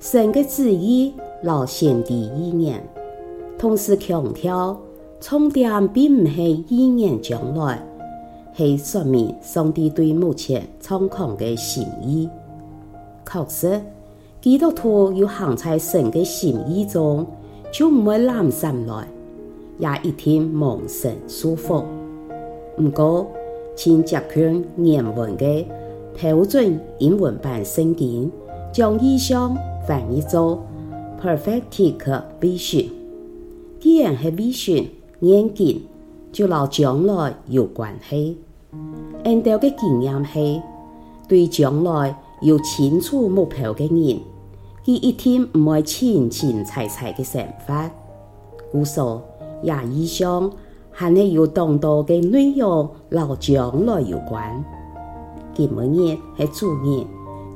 神個旨意勞先第意念，同時強調充電並唔係意念。將來，係說明上帝對目前狀況個善意。確實，基督徒有行在神個善意中，就唔會懶散來，也一定望神舒服。唔過，請查看原文個標準英文版聖經，將以上。翻譯做 perfective vision，既然係 vision 眼睛，就老將來有關係。按照嘅經驗係對將來有清楚目標嘅人，佢一定唔會清清彩彩嘅想法。故說廿以上係你要當到嘅內容，老將來有關，咁樣係做嘢。